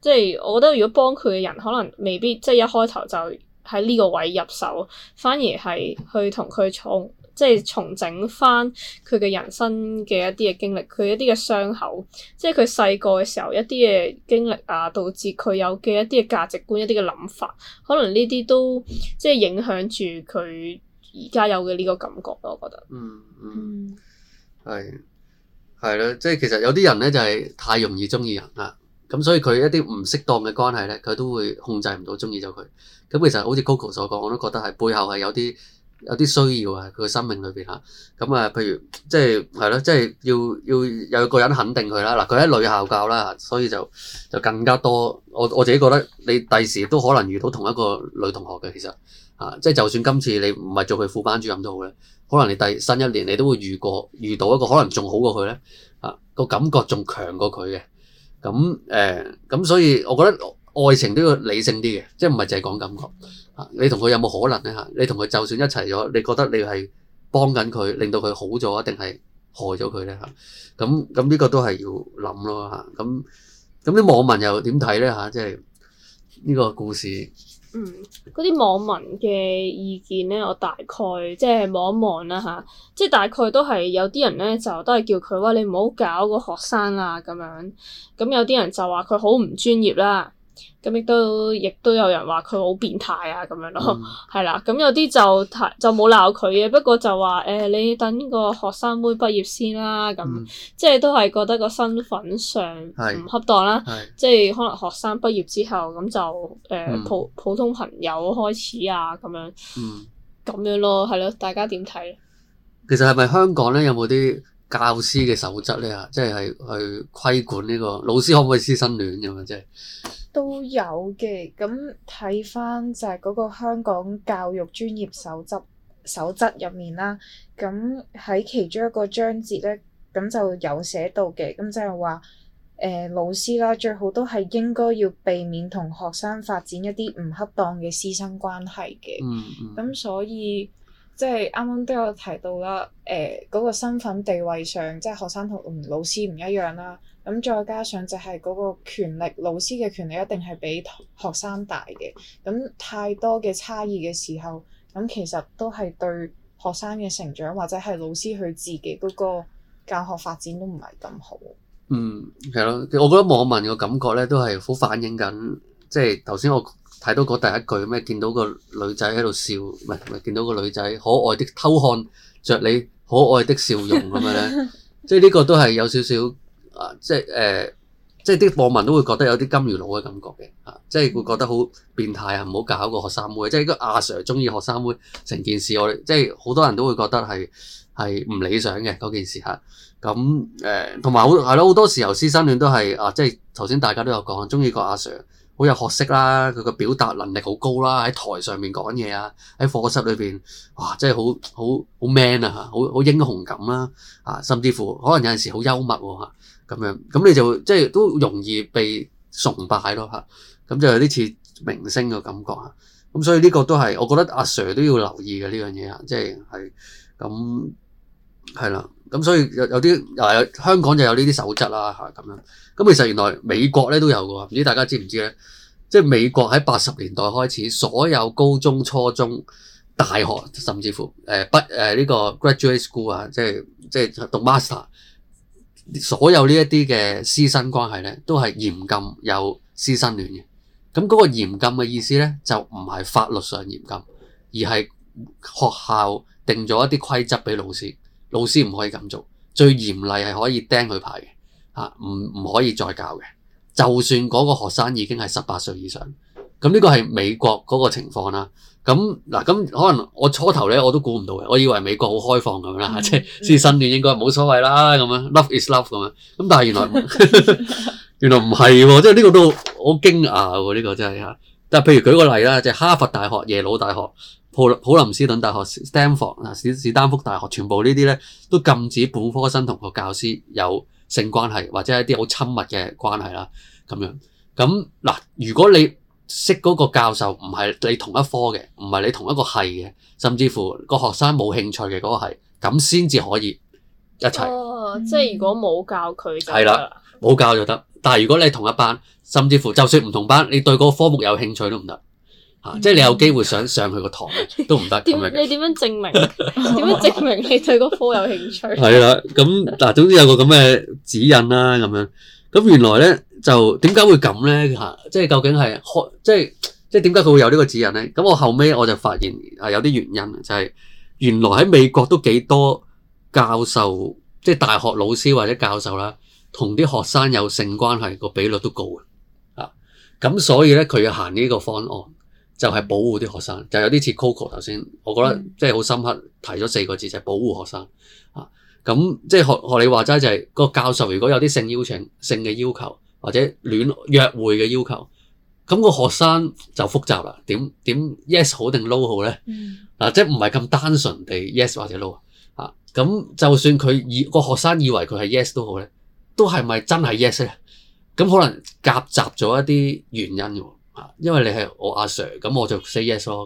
即係我覺得如果幫佢嘅人，可能未必即係一開頭就喺呢個位入手，反而係去同佢重，即係重整翻佢嘅人生嘅一啲嘅經歷，佢一啲嘅傷口，即係佢細個嘅時候一啲嘅經歷啊，導致佢有嘅一啲嘅價值觀、一啲嘅諗法，可能呢啲都即係影響住佢而家有嘅呢個感覺咯，我覺得。嗯，嗯，係係咯，即係其實有啲人咧就係太容易中意人啊。咁所以佢一啲唔適當嘅關係咧，佢都會控制唔到，中意咗佢。咁其實好似 Coco 所講，我都覺得係背後係有啲有啲需要啊。佢嘅生命裏邊嚇，咁啊，譬如即係係咯，即係要要有個人肯定佢啦。嗱，佢喺女校教啦，所以就就更加多。我我自己覺得，你第時都可能遇到同一個女同學嘅，其實啊，即係就算今次你唔係做佢副班主任都好咧，可能你第新一年你都會遇過遇到一個可能仲好過佢咧啊，個感覺仲強過佢嘅。啊。咁誒，咁、嗯嗯、所以我覺得愛情都要理性啲嘅，即係唔係淨係講感覺。你同佢有冇可能咧嚇？你同佢就算一齊咗，你覺得你係幫緊佢，令到佢好咗，定係害咗佢咧嚇？咁咁呢個都係要諗咯嚇。咁咁啲網民又點睇咧嚇？即係呢個故事。嗯，嗰啲網民嘅意見咧，我大概即係望一望啦吓，即係大概都係有啲人咧就都係叫佢喂，你唔好搞個學生啊，咁樣，咁有啲人就話佢好唔專業啦。咁亦都，亦都有人話佢好變態啊，咁樣咯，係、嗯、啦。咁有啲就就冇鬧佢嘅，不過就話誒、呃，你等個學生妹畢業先啦。咁、嗯、即係都係覺得個身份上唔恰當啦。即係可能學生畢業之後咁就誒、呃嗯、普普通朋友開始啊，咁樣咁、嗯、樣咯，係咯，大家點睇？其實係咪香港咧有冇啲教師嘅守則咧？吓、就是這個，即係去規管呢個老師可唔可以師生戀咁樣？即係。都有嘅，咁睇翻就係嗰個香港教育專業守則守則入面啦。咁喺其中一個章節咧，咁就有寫到嘅，咁即係話誒老師啦，最好都係應該要避免同學生發展一啲唔恰當嘅師生關係嘅。嗯，嗯。咁所以即係啱啱都有提到啦，誒嗰個身份地位上，即係學生同老師唔一樣啦。咁再加上就係嗰個權力，老師嘅權力一定係比學生大嘅。咁太多嘅差異嘅時候，咁其實都係對學生嘅成長或者係老師佢自己嗰個教學發展都唔係咁好。嗯，係咯，我覺得網民嘅感覺咧都係好反映緊，即係頭先我睇到嗰第一句咩，見到個女仔喺度笑，唔係，唔係見到個女仔可愛的偷看着你可愛的笑容咁樣咧，即係呢個都係有少少。啊，即係誒、呃，即係啲課文都會覺得有啲金魚佬嘅感覺嘅，啊，即係會覺得好變態啊，唔好搞一個學生妹，即係個阿 sir 中意學生妹成件事，我哋，即係好多人都會覺得係係唔理想嘅嗰件事嚇。咁、啊、誒，同埋好係咯，好多時候師生戀都係啊，即係頭先大家都有講，中意個阿 sir，好有學識啦，佢嘅表達能力好高啦，喺台上面講嘢啊，喺課室裏邊，哇，真係好好好 man 啊，好好英雄感啦，啊，甚至乎可能有陣時好幽默喎、啊咁樣，咁你就即係都容易被崇拜咯嚇，咁就有啲似明星嘅感覺嚇，咁所以呢個都係我覺得阿 Sir 都要留意嘅呢樣嘢啊，即係係咁係啦，咁所以有有啲啊香港就有呢啲守則啦嚇咁樣，咁其實原來美國咧都有㗎，唔知大家知唔知咧？即係美國喺八十年代開始，所有高中、初中、大學，甚至乎誒不誒呢個 graduate school 啊，即係即係讀 master。所有呢一啲嘅師生關係呢，都係嚴禁有師生戀嘅。咁嗰個嚴禁嘅意思呢，就唔係法律上嚴禁，而係學校定咗一啲規則俾老師，老師唔可以咁做。最嚴厲係可以釘佢牌嘅，嚇唔唔可以再教嘅。就算嗰個學生已經係十八歲以上，咁呢個係美國嗰個情況啦。咁嗱，咁可能我初頭咧，我都估唔到嘅。我以為美國好開放咁樣、嗯、啦，即係師生戀應該冇所謂啦咁樣，love is love 咁樣。咁但係原來 原來唔係喎，即係呢個都好驚訝喎，呢、這個真係吓。但係譬如舉個例啦，即、就、係、是、哈佛大學、耶魯大學、普普林斯頓大學、斯坦福嗱、史史丹福大學，全部呢啲咧都禁止本科生同學教師有性關係或者係一啲好親密嘅關係啦，咁樣。咁嗱，如果你識嗰個教授唔係你同一科嘅，唔係你同一個系嘅，甚至乎個學生冇興趣嘅嗰、嗰個系，咁先至可以一齊、哦。即係如果冇教佢就得，冇教就得。但係如果你同一班，甚至乎就算唔同班，你對嗰個科目有興趣都唔得嚇。嗯、即係你有機會想上佢個堂都唔得。點 你點樣證明？點 樣證明你對嗰科有興趣？係啦，咁嗱，總之有個咁嘅指引啦，咁樣。咁原來咧就點解會咁咧嚇？即係究竟係開即係即係點解佢會有呢個指引咧？咁我後尾我就發現係，啊，有啲原因，就係原來喺美國都幾多教授即係大學老師或者教授啦，同啲學生有性關係個比率都高啊。咁所以咧佢要行呢個方案就係保護啲學生，就有啲似 Coco 頭先，我覺得，嗯，即係好深刻提咗四個字就係保護學生啊。咁即係學學你話齋、就是，就係個教授如果有啲性邀請、性嘅要求，或者戀約會嘅要求，咁、那個學生就複雜啦。點點 yes 好定 no 好咧？嗱、嗯，即係唔係咁單純地 yes 或者 no 啊？咁就算佢以個學生以為佢係 yes 都好咧，都係咪真係 yes 咧？咁可能夾雜咗一啲原因㗎喎啊！因為你係我阿、啊、Sir，咁我就 say yes 咯、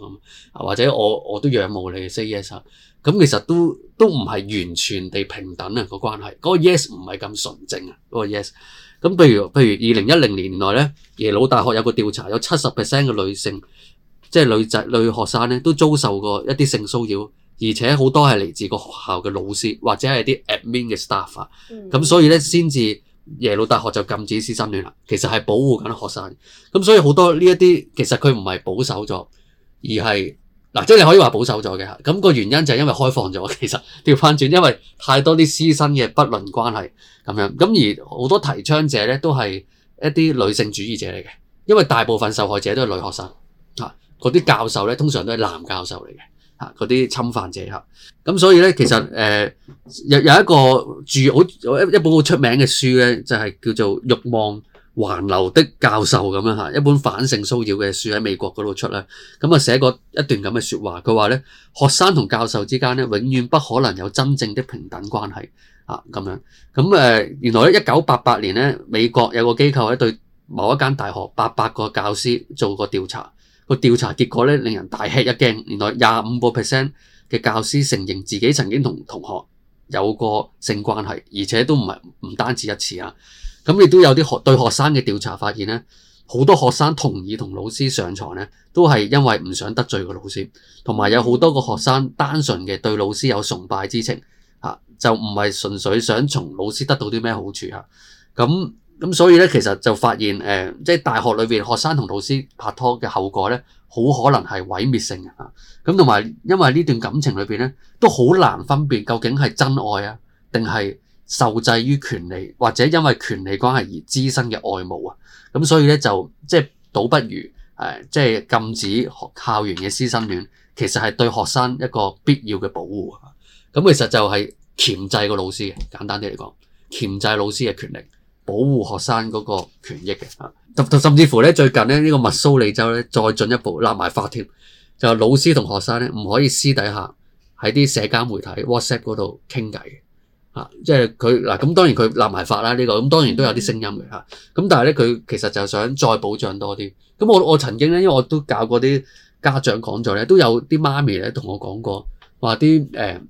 啊、咁，或者我我都仰慕你，say yes 咁、啊啊，其實都。都唔係完全地平等啊個關係，嗰、那個 yes 唔係咁純正啊嗰、那個 yes。咁譬如譬如二零一零年內咧，耶魯大學有個調查，有七十 percent 嘅女性，即係女仔女學生咧，都遭受過一啲性騷擾，而且好多係嚟自個學校嘅老師或者係啲 admin 嘅 staff、er, 嗯。啊。咁所以咧，先至耶魯大學就禁止師生戀啦。其實係保護緊學生。咁所以好多呢一啲其實佢唔係保守咗，而係。嗱，即係你可以話保守咗嘅，咁個原因就係因為開放咗。其實掉返轉，因為太多啲師生嘅不倫關係咁樣，咁而好多提倡者咧都係一啲女性主義者嚟嘅，因為大部分受害者都係女學生嚇，嗰啲教授咧通常都係男教授嚟嘅嚇，嗰啲侵犯者嚇，咁所以咧其實誒、呃、有有一個住好一一本好出名嘅書咧，就係、是、叫做《慾望》。橫流的教授咁樣嚇，一本反性騷擾嘅書喺美國嗰度出啦。咁啊寫過一段咁嘅説話，佢話咧學生同教授之間咧永遠不可能有真正的平等關係啊咁樣。咁誒原來咧一九八八年咧美國有個機構咧對某一間大學八百個教師做過調查，個調查結果咧令人大吃一驚。原來廿五個 percent 嘅教師承認自己曾經同同學有過性關係，而且都唔係唔單止一次啊。咁亦都有啲學對學生嘅調查發現咧，好多學生同意同老師上床咧，都係因為唔想得罪個老師，同埋有好多個學生單純嘅對老師有崇拜之情嚇，就唔係純粹想從老師得到啲咩好處嚇。咁咁所以咧，其實就發現誒，即係大學裏邊學生同老師拍拖嘅後果咧，好可能係毀滅性嘅嚇。咁同埋因為呢段感情裏邊咧，都好難分辨究竟係真愛啊，定係受制於權力，或者因為權力關係而滋生嘅愛慕啊，咁所以咧就即係倒不如誒、啊，即係禁止校園嘅師生戀，其實係對學生一個必要嘅保護。咁、啊啊、其實就係鉗制個老師，簡單啲嚟講，鉗制老師嘅權力，保護學生嗰個權益嘅。特、啊啊、甚至乎咧，最近呢，呢、這個密蘇里州咧再進一步立埋法添，就老師同學生咧唔可以私底下喺啲社交媒體 WhatsApp 嗰度傾偈。啊、即係佢嗱，咁、啊、當然佢立埋法啦，呢、這個咁當然都有啲聲音嘅嚇。咁、啊、但係咧，佢其實就想再保障多啲。咁、啊、我我曾經咧，因為我都教過啲家長講座咧，都有啲媽咪咧同我講過，話啲誒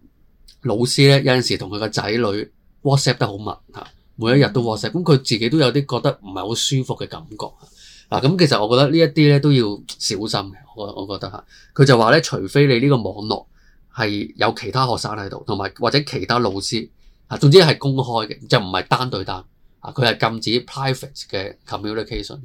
老師咧有陣時同佢個仔女 WhatsApp 得好密嚇、啊，每一日都 WhatsApp、啊。咁佢自己都有啲覺得唔係好舒服嘅感覺。嗱、啊，咁、啊、其實我覺得呢一啲咧都要小心嘅。我我覺得嚇，佢、啊、就話咧，除非你呢個網絡係有其他學生喺度，同埋或者其他老師。總之係公開嘅，就唔係單對單啊。佢係禁止 private 嘅 communication，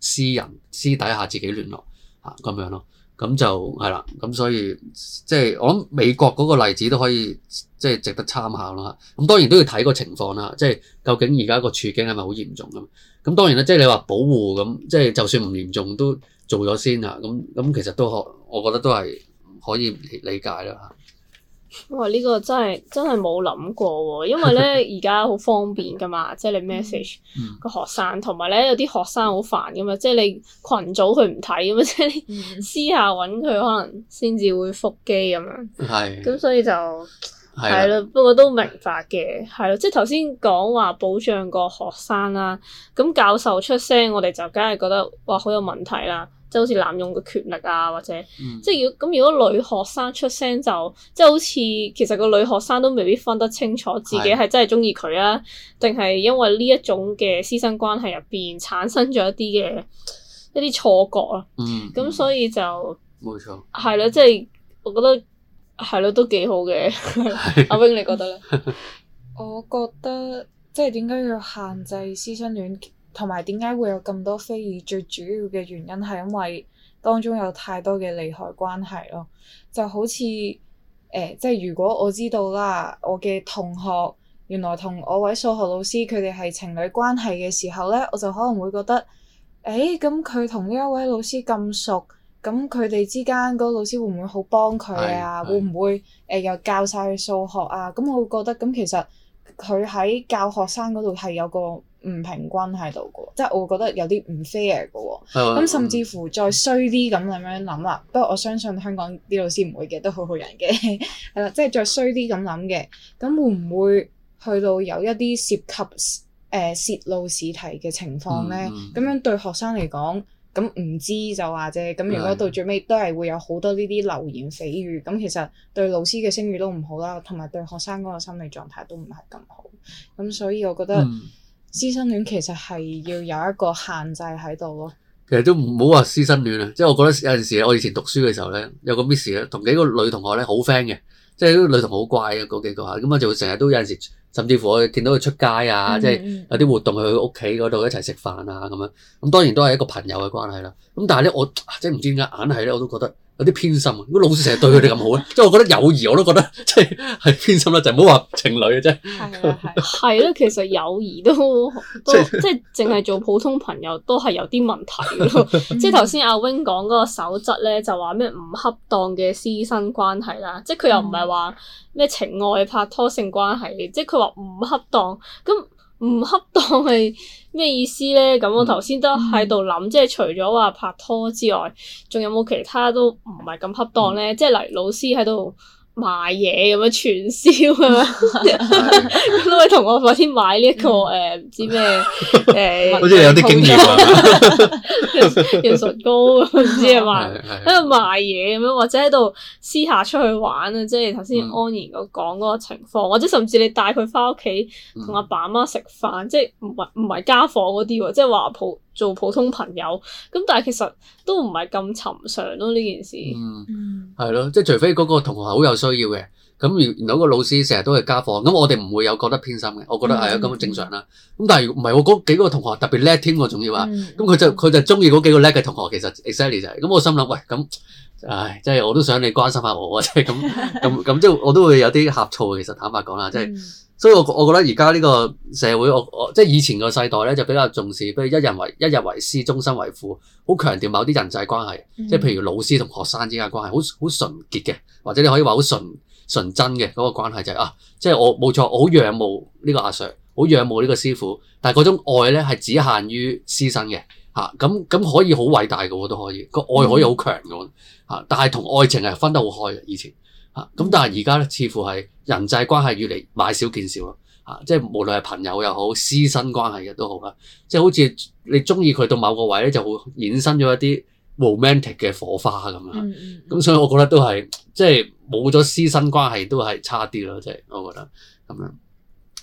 私人私底下自己聯絡啊，咁樣咯。咁、啊、就係啦。咁所以即係我諗美國嗰個例子都可以即係值得參考咯。咁、啊、當然都要睇個情況啦。即係究竟而家個處境係咪好嚴重啊？咁當然啦，即係你話保護咁，即係就算唔嚴重都做咗先啊。咁、啊、咁其實都可，我覺得都係可以理解啦。啊哇！呢、這個真係真係冇諗過，因為咧而家好方便㗎嘛，即係 你 message 個學生，同埋咧有啲學生好煩㗎嘛，即、就、係、是、你群組佢唔睇咁啊，即係、嗯、 你私下搵佢可能先至會覆機咁樣。係的，咁所以就係咯的，不過都明白嘅，係咯，即係頭先講話保障個學生啦、啊，咁教授出聲，我哋就梗係覺得哇好有問題啦。即係好似濫用嘅權力啊，或者、嗯、即係要咁。如果女學生出聲就，就即係好似其實個女學生都未必分得清楚自己係真係中意佢啊，定係的因為呢一種嘅師生關係入邊產生咗一啲嘅一啲錯覺啊。咁、嗯、所以就冇錯，係咯，即、就、係、是、我覺得係咯，都幾好嘅。阿 wing，的 你覺得咧？我覺得即係點解要限制師生戀？同埋點解會有咁多非議？最主要嘅原因係因為當中有太多嘅利害關係咯。就好似誒、呃，即係如果我知道啦，我嘅同學原來同我位數學老師佢哋係情侶關係嘅時候呢，我就可能會覺得，誒咁佢同呢一位老師咁熟，咁佢哋之間嗰個老師會唔會好幫佢啊？的會唔會誒、呃、又教晒佢數學啊？咁我會覺得，咁其實佢喺教學生嗰度係有個。唔平均喺度嘅，即係我覺得有啲唔 fair 嘅喎、哦。咁、嗯、甚至乎再衰啲咁咁樣諗啦。嗯、不過我相信香港啲老師唔會記得好好人嘅，係 啦，即係再衰啲咁諗嘅，咁會唔會去到有一啲涉及誒、呃、泄露試題嘅情況呢？咁、嗯嗯、樣對學生嚟講，咁唔知就話啫。咁如果到最尾都係會有好多呢啲流言蜚語，咁、嗯、其實對老師嘅聲譽都唔好啦，同埋對學生嗰個心理狀態都唔係咁好。咁所以我覺得、嗯。師生戀其實係要有一個限制喺度咯。其實都唔好話師生戀啊，即係我覺得有陣時，我以前讀書嘅時候咧，有個 miss 同幾個女同學咧好 friend 嘅，即係啲女同學好怪嘅，嗰幾個咁我就會就成日都有陣時。甚至乎我見到佢出街啊，即係有啲活動去佢屋企嗰度一齊食飯啊咁樣，咁當然都係一個朋友嘅關係啦。咁但係咧，我即係唔知點解硬係咧，我都覺得有啲偏心啊。如果老師成日對佢哋咁好咧， 即係我覺得友誼我都覺得即係，係偏心啦。就唔好話情侶嘅啫。係啊係。係咯、嗯，其實友誼都都即係淨係做普通朋友都係有啲問題咯。即係頭先阿 Wing 講嗰個守則咧，就話咩唔恰當嘅師生關係啦。即係佢又唔係話咩情愛拍拖 性關係，即係佢話。唔、哦、恰當，咁唔恰當係咩意思咧？咁我頭先都喺度諗，嗯、即係除咗話拍拖之外，仲有冇其他都唔係咁恰當咧？嗯、即係例如老師喺度。賣嘢咁樣傳銷咁樣，咁你同我頭先買呢、這、一個誒，唔 知咩誒，好、呃、似 有啲經驗啊，潤唇膏唔知係咪喺度賣嘢咁樣，或者喺度私下出去玩啊，即係頭先安然講嗰個情況， 或者甚至你帶佢翻屋企，同阿爸阿媽食飯，即係唔係唔係傢伙嗰啲喎，即係話抱。做普通朋友咁，但係其實都唔係咁尋常咯呢件事。嗯，係咯，即係除非嗰個同學好有需要嘅，咁原來個老師成日都係家課，咁我哋唔會有覺得偏心嘅。我覺得係啊，咁、哎、正常啦。咁、嗯、但係唔係我嗰幾個同學特別叻添喎，重、嗯、要啊。咁佢就佢就中意嗰幾個叻嘅同學，其實 exactly 就係、是。咁我心諗，喂，咁唉，即、就、係、是、我都想你關心下我啊，即係咁咁咁，即係、 就是、我都會有啲呷醋其實坦白講啦，即、就、係、是。嗯所以我我覺得而家呢個社會，我我即係以前個世代咧，就比較重視，譬如一人為一日為師，終身為父，好強調某啲人際關係，嗯、即係譬如老師同學生之間關係，好好純潔嘅，或者你可以話好純純真嘅嗰個關係，就係、是、啊，即係我冇錯，我好仰慕呢個阿 Sir，好仰慕呢個師傅，但係嗰種愛咧係只限於師生嘅嚇，咁、啊、咁可以好偉大嘅喎都可以，個愛可以好強嘅喎、啊、但係同愛情係分得好開嘅以前。咁但係而家咧，似乎係人際關係越嚟買少見少咯，嚇，即係無論係朋友又好，師生關係嘅都好啦，即係好似你中意佢到某個位咧，就會衍生咗一啲 romantic 嘅火花咁、嗯、樣。咁所以我覺得都係即係冇咗師生關係都係差啲咯，即係我覺得咁樣。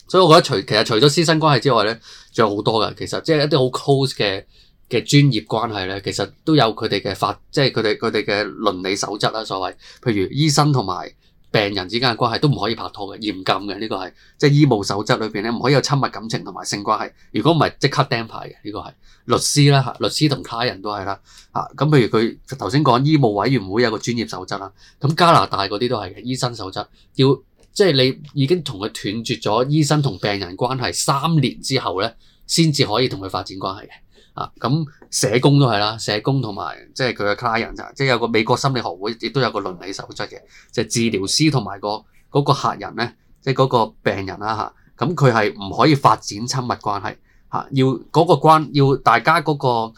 所以我覺得除其實除咗師生關係之外咧，仲有好多嘅，其實即係一啲好 close 嘅。嘅專業關係咧，其實都有佢哋嘅法，即係佢哋佢哋嘅倫理守則啦。所謂，譬如醫生同埋病人之間嘅關係都唔可以拍拖嘅，嚴禁嘅。呢、這個係即係醫務守則裏邊咧，唔可以有親密感情同埋性關係。如果唔係，即刻釘牌嘅。呢個係律師啦，律師同他人都係啦。啊，咁譬如佢頭先講醫務委員會有個專業守則啦。咁、啊、加拿大嗰啲都係嘅，醫生守則要即係你已經同佢斷絕咗醫生同病人關係三年之後咧，先至可以同佢發展關係嘅。啊，咁社工都係啦，社工同埋即係佢嘅 client 即係有個美國心理學會亦都有個倫理守則嘅，即係治療師同埋個嗰個客人呢，即係嗰個病人啦吓，咁佢係唔可以發展親密關係嚇，要嗰個關要大家嗰個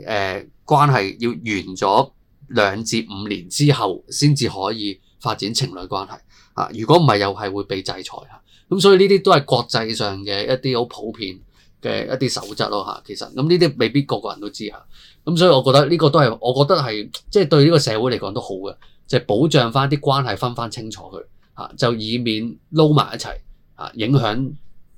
誒關係要完咗兩至五年之後先至可以發展情侶關係啊，如果唔係又係會被制裁啊，咁所以呢啲都係國際上嘅一啲好普遍。嘅一啲守則咯嚇，其實咁呢啲未必個個人都知嚇，咁所以我覺得呢個都係我覺得係即係對呢個社會嚟講都好嘅，就係、是、保障翻啲關係分翻清楚佢嚇、啊，就以免撈埋一齊嚇、啊，影響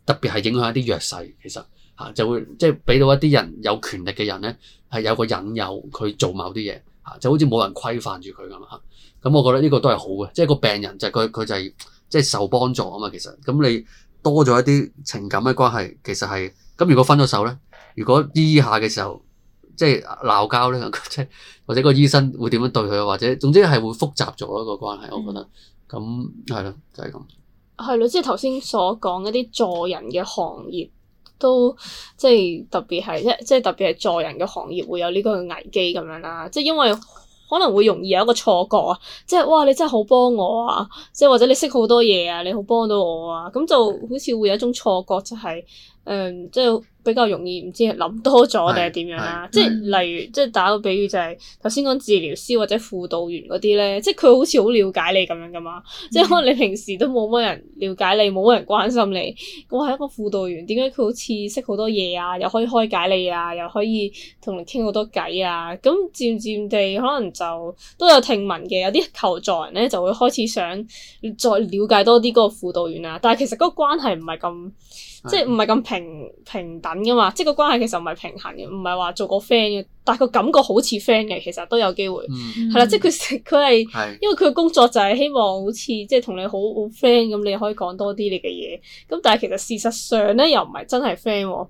特別係影響一啲弱勢，其實嚇、啊、就會即係俾到一啲人有權力嘅人咧係有個引誘佢做某啲嘢嚇，就好似冇人規範住佢咁嚇，咁、啊啊、我覺得呢個都係好嘅，即、就、係、是、個病人就佢、是、佢就係即係受幫助啊嘛，其實咁你多咗一啲情感嘅關係，其實係。咁如果分咗手咧，如果醫下嘅時候即係鬧交咧，即係或者個醫生會點樣對佢啊？或者總之係會複雜咗一個關係，我覺得咁係咯，就係咁。係咯，即係頭先所講一啲助人嘅行業，都即係特別係即即係特別係助人嘅行業會有呢個危機咁樣啦。即係因為可能會容易有一個錯覺，即係哇，你真係好幫我啊！即係或者你識好多嘢啊，你好幫到我啊！咁就好似會有一種錯覺就係。誒、嗯，即係比較容易唔知諗多咗定係點樣啊。 即係例如，即係打個比喻就係、是，頭先講治療師或者輔導員嗰啲咧，即係佢好似好了解你咁樣噶嘛。 即係可能你平時都冇乜人了解你，冇乜人關心你。我係一個輔導員，點解佢好似識好多嘢啊？又可以開解你啊，又可以同你傾好多偈啊。咁漸漸地，可能就都有聽聞嘅，有啲求助人咧就會開始想再了解多啲嗰個輔導員啊。但係其實嗰個關係唔係咁。即係唔係咁平平等噶嘛，即係個關係其實唔係平衡嘅，唔係話做個 friend 嘅，但係個感覺好似 friend 嘅，其實都有機會係啦、嗯。即係佢佢係，的因為佢工作就係希望好似即係同你好 friend 咁，你可以講多啲你嘅嘢。咁但係其實事實上咧又唔係真係 friend 喎，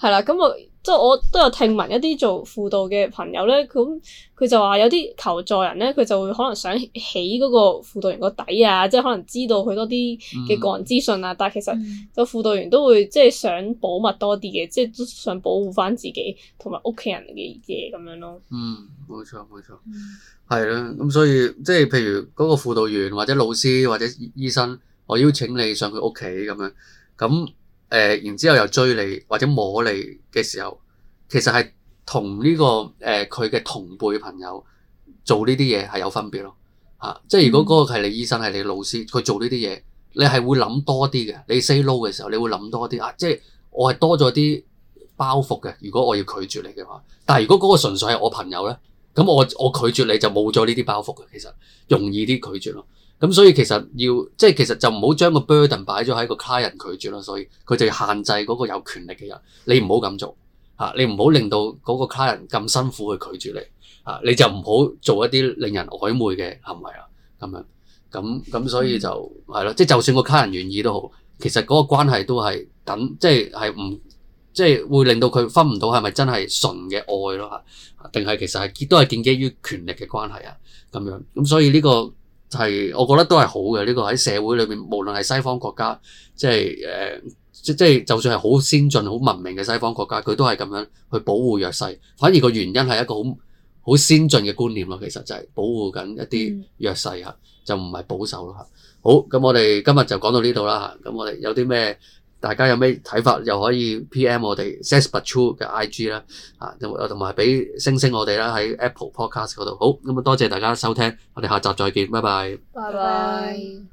係啦咁我。即係我都有聽聞一啲做輔導嘅朋友咧，咁佢就話有啲求助人咧，佢就會可能想起嗰個輔導員個底啊，即係可能知道佢多啲嘅個人資訊啊。嗯、但係其實個輔導員都會即係想保密多啲嘅，即係都想保護翻自己同埋屋企人嘅嘢咁樣咯。嗯，冇錯冇錯，係咯。咁、嗯、所以即係譬如嗰個輔導員或者老師或者醫生，我邀請你上佢屋企咁樣咁。誒、呃，然之後又追你或者摸你嘅時候，其實係、這個呃、同呢個誒佢嘅同輩朋友做呢啲嘢係有分別咯嚇。即係如果嗰個係你醫生係你老師，佢做呢啲嘢，你係會諗多啲嘅。你 say no 嘅時候，你會諗多啲啊。即係我係多咗啲包袱嘅。如果我要拒絕你嘅話，但係如果嗰個純粹係我朋友呢，咁我我拒絕你就冇咗呢啲包袱嘅。其實容易啲拒絕咯。咁所以其實要即係其實就唔好將個 burden 擺咗喺個 client 拒絕啦，所以佢就要限制嗰個有權力嘅人，你唔好咁做嚇、啊，你唔好令到嗰個 client 咁辛苦去拒絕你嚇、啊，你就唔好做一啲令人曖昧嘅行為啦，咁樣咁咁所以就係咯，即係、嗯、就算個 client 願意都好，其實嗰個關係都係等即係係唔即係會令到佢分唔到係咪真係純嘅愛咯嚇，定、啊、係其實係都係建基於權力嘅關係啊咁樣，咁所以呢、這個。係，我覺得都係好嘅。呢、這個喺社會裏面，無論係西方國家，即係誒，即、呃、係就，就算係好先進、好文明嘅西方國家，佢都係咁樣去保護弱勢。反而個原因係一個好好先進嘅觀念咯。其實就係保護緊一啲弱勢吓，嗯、就唔係保守咯。好，咁我哋今日就講到呢度啦吓。咁我哋有啲咩？大家有咩睇法，又可以 PM 我哋 Says But True 嘅 IG 啦，嚇同埋俾星星我哋啦，喺 Apple Podcast 嗰度。好，咁啊多謝大家收聽，我哋下集再見，拜拜。拜拜。